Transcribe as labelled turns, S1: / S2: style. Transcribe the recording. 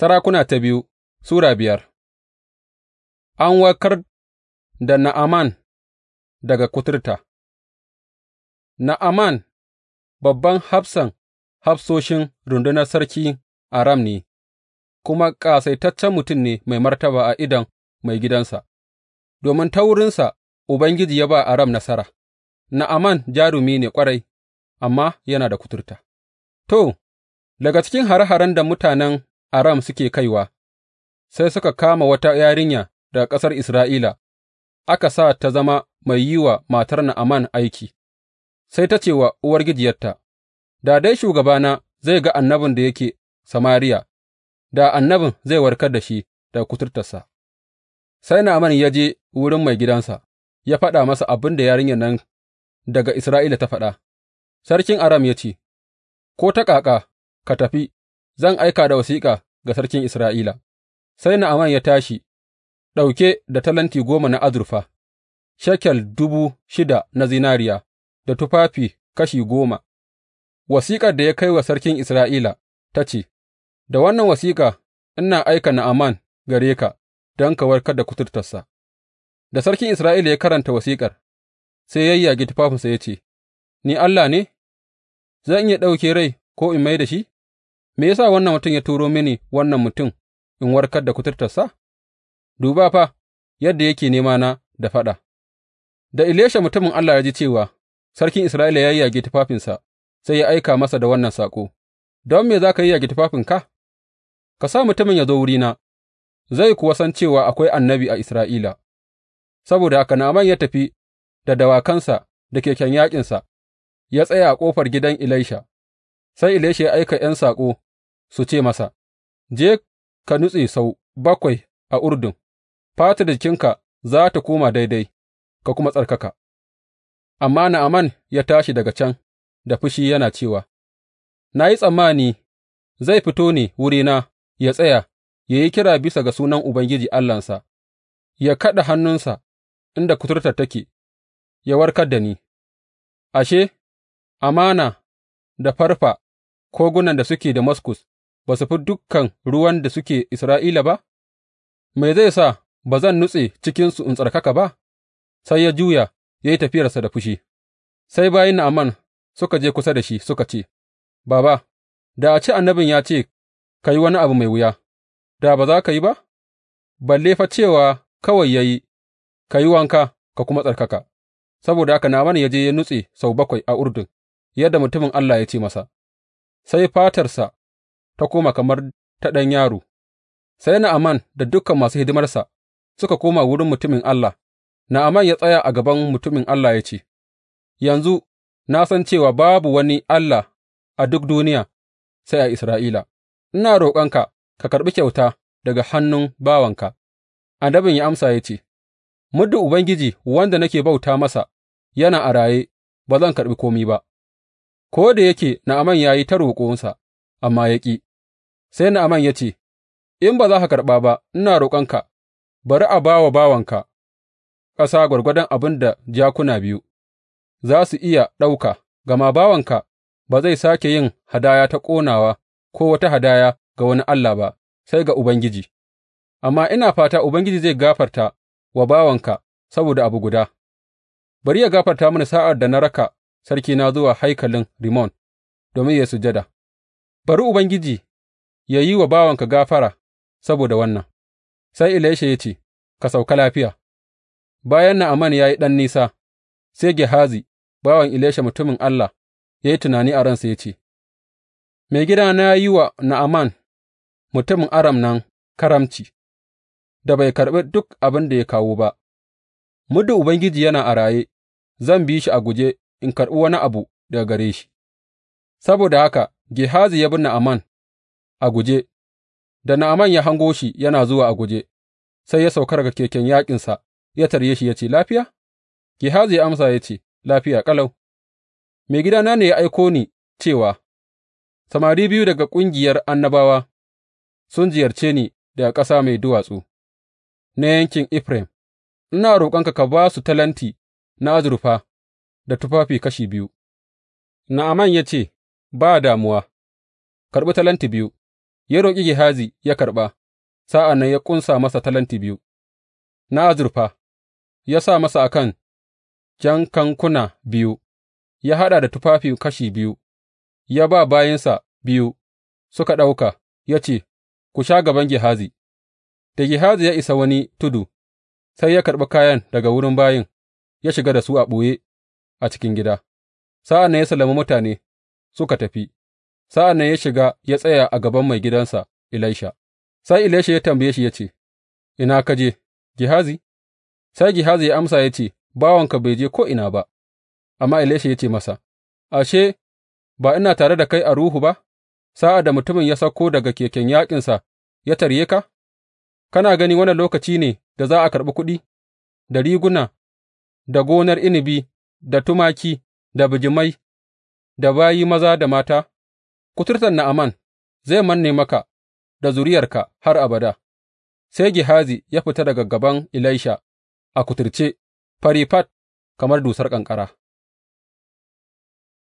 S1: Sarakuna ta biyu Sura biyar An wakar da Na'aman daga kuturta Na'aman babban hafsan hafsoshin rundunar sarki Aram ne, kuma ƙasaitaccen mutum ne mai martaba a idon gidansa. domin ta wurinsa Ubangiji ya ba Aram nasara. Na'aman jarumi ne ƙwarai, amma yana da kuturta. To, daga cikin hare haren da mutanen Aram suke kaiwa, sai suka kama wata yarinya daga ƙasar Isra'ila, aka sa ta zama mai yi wa matar Na'aman aiki, sai ta ce wa uwargijiyarta, Da dai shugabana zai ga annabin da yake Samariya, da annabin zai warkar da shi daga kuturtarsa. Sai Na'aman ya je wurin mai gidansa, ya faɗa masa abin da yarinyar nan daga Isra'ila ta faɗa. Sarkin Aram ya ce, Ko ta ƙaƙa, ka tafi, zan aika da wasiƙa ga sarkin Isra'ila. Sai Na'aman ya tashi, ɗauke da talenti goma na azurfa, shekel dubu shida na zinariya, da tufafi kashi goma. Wasiƙar da ya kai wa sarkin Isra'ila ta ce, Da wannan wasiƙa ina aika Na'aman gare ka don ka warkar da kuturtarsa. Da sarkin Isra'ila ya karanta wasiƙar, sai ya yayyage tufafinsa ya ce, Ni Allah ne, zan iya ɗauke rai ko in mai da shi? Me ya sa wannan mutum ya turo mini wannan mutum in warkar da kuturtarsa? Duba fa yadda yake na da faɗa. Da Ilesha mutumin Allah ya ji cewa sarkin Isra'ila ya yage tufafinsa, sai ya aika masa da wannan saƙo, Don me za ka yi yage tufafinka? Ka sa mutumin ya zo wurina, zai kuwa san cewa akwai annabi a Isra'ila. Saboda haka Na'aman ya tafi da dawakansa da keken yaƙinsa, ya tsaya a ƙofar gidan Elisha. sai Elisha ya aika ’yan saƙo su ce masa, Je ka nutse sau bakwai a Urdun, fatar jikinka za tă koma daidai, ka kuma tsarkaka. Amma Na'aman ya tashi daga can da fushi yana cewa, Na yi tsammani zai fito ne wurina ya tsaya, ya yi kira bisa ga sunan Ubangiji Allahnsa, ya kaɗa hannunsa inda kuturtar take, ya warkar da ni, ashe, Amana da Farfa kogunan da suke Damaskus ba su fi dukan ruwan da suke Isra'ila ba, me zai sa ba zan nutse cikinsu in tsarkaka ba? Sai ya juya ya yi tafiyarsa da fushi, sai bayan Na'aman suka je kusa da shi suka ce, Baba, da a ce annabin ya ce ka yi wani abu mai wuya, da ba za ka yi ba? Balle fa cewa kawai ya yi, ka yi wanka ka kuma tsarkaka, saboda haka Na'aman ya je ya nutse sau bakwai a Urdun, yadda mutumin Allah ya ce masa. sai fatarsa ta koma kamar ta ɗan yaro, sai Na'aman da dukan masu hidimarsa suka koma wurin mutumin Allah, Na'aman ya tsaya a gaban mutumin Allah ya ce, Yanzu na san cewa babu wani Allah a duk duniya sai a Isra'ila, ina roƙonka ka karɓi kyauta daga hannun bawanka. Annabin ya amsa ya ce, Muddin Ubangiji wanda nake bauta masa yana a raye, ba zan karɓi komi ba. ko da yake Na'aman ya yi ta roƙonsa, amma ya ƙi, sai Na'aman ya ce, In ba za ka karɓa ba, ina roƙonka, bari a ba wa bawanka ƙasa gwargwadon abin da jakuna biyu za su iya ɗauka, gama bawanka ba zai sake yin hadaya ta ƙonawa ko wata hadaya ga wani Allah ba, sai ga Ubangiji, amma ina fata Ubangiji zai gafarta wa bawanka saboda abu guda, bari ya gafarta mini sa'ar da na raka sarkina zuwa haikalin rimon, domin yă sujada, bari Ubangiji yă yi wa bawanka gafara saboda wannan. Sai Elisha ya ce, Ka sauka lafiya. Bayan Na'aman ya yi ɗan nisa, sai Gehazi, bawan Elisha mutumin Allah, ya yi tunani a ransa ya ce, gida na yi wa Na'aman mutumin Aram nan karamci, da bai karɓi duk abin da ya kawo ba, muddin Ubangiji yana a raye, zan bi shi a guje in karɓi wani abu daga gare shi, saboda haka Gehazi ya bi Na'aman a guje, da Na'aman ya hango shi yana zuwa a guje, sai ya sauka daga keken yaƙinsa ya tarye shi ya ce, Lafiya? Gehazi ya amsa ya ce, Lafiya ƙalau, maigidana ne ya aiko ni cewa, Samari biyu daga ƙungiyar annabawa sun ziyarce ni daga ƙasa mai duwatsu na yankin Efraim, ina roƙonka ka ba su talenti na azurfa da tufafi kashi biyu, Na'aman ya ce, Ba damuwa, karɓi talenti biyu, ya roƙi Gehazi ya karɓa, sa'an nan ya ƙunsa masa talenti biyu, na azurfa, ya sa masa a kan jan kankuna biyu, ya haɗa da tufafi kashi biyu, ya ba bayinsa biyu suka ɗauka, ya ce, Ku sha gaban Gehazi, da Gehazi ya isa wani tudu, sai ya karɓi kayan daga wurin bayin, ya shiga da su a ɓoye a cikin gida, sa'an nan ya sallami mutane suka tafi, sa'an nan ya shiga ya tsaya a gaban mai gidansa Elisha, sai Elisha ya tambaye shi ya ce, Ina ka je, Gehazi? Sai Gehazi ya amsa ya ce, Bawanka bai je ko ina ba, amma Elisha ya ce masa, Ashe, ba ina tare da kai a ruhu ba, sa'ad da mutumin ya sauko daga keken yaƙinsa ya tarye ka? Kana gani wani lokaci ne da za a karɓi kuɗi, da riguna, da gonar inabi da tumaki, da bijimai, da bayi maza da mata, kuturtar Na'aman zai manne maka da zuriyarka har abada. Sai Gehazi ya fita daga gaban Ilaisha a kuturce, fari fat kamar dusar ƙanƙara.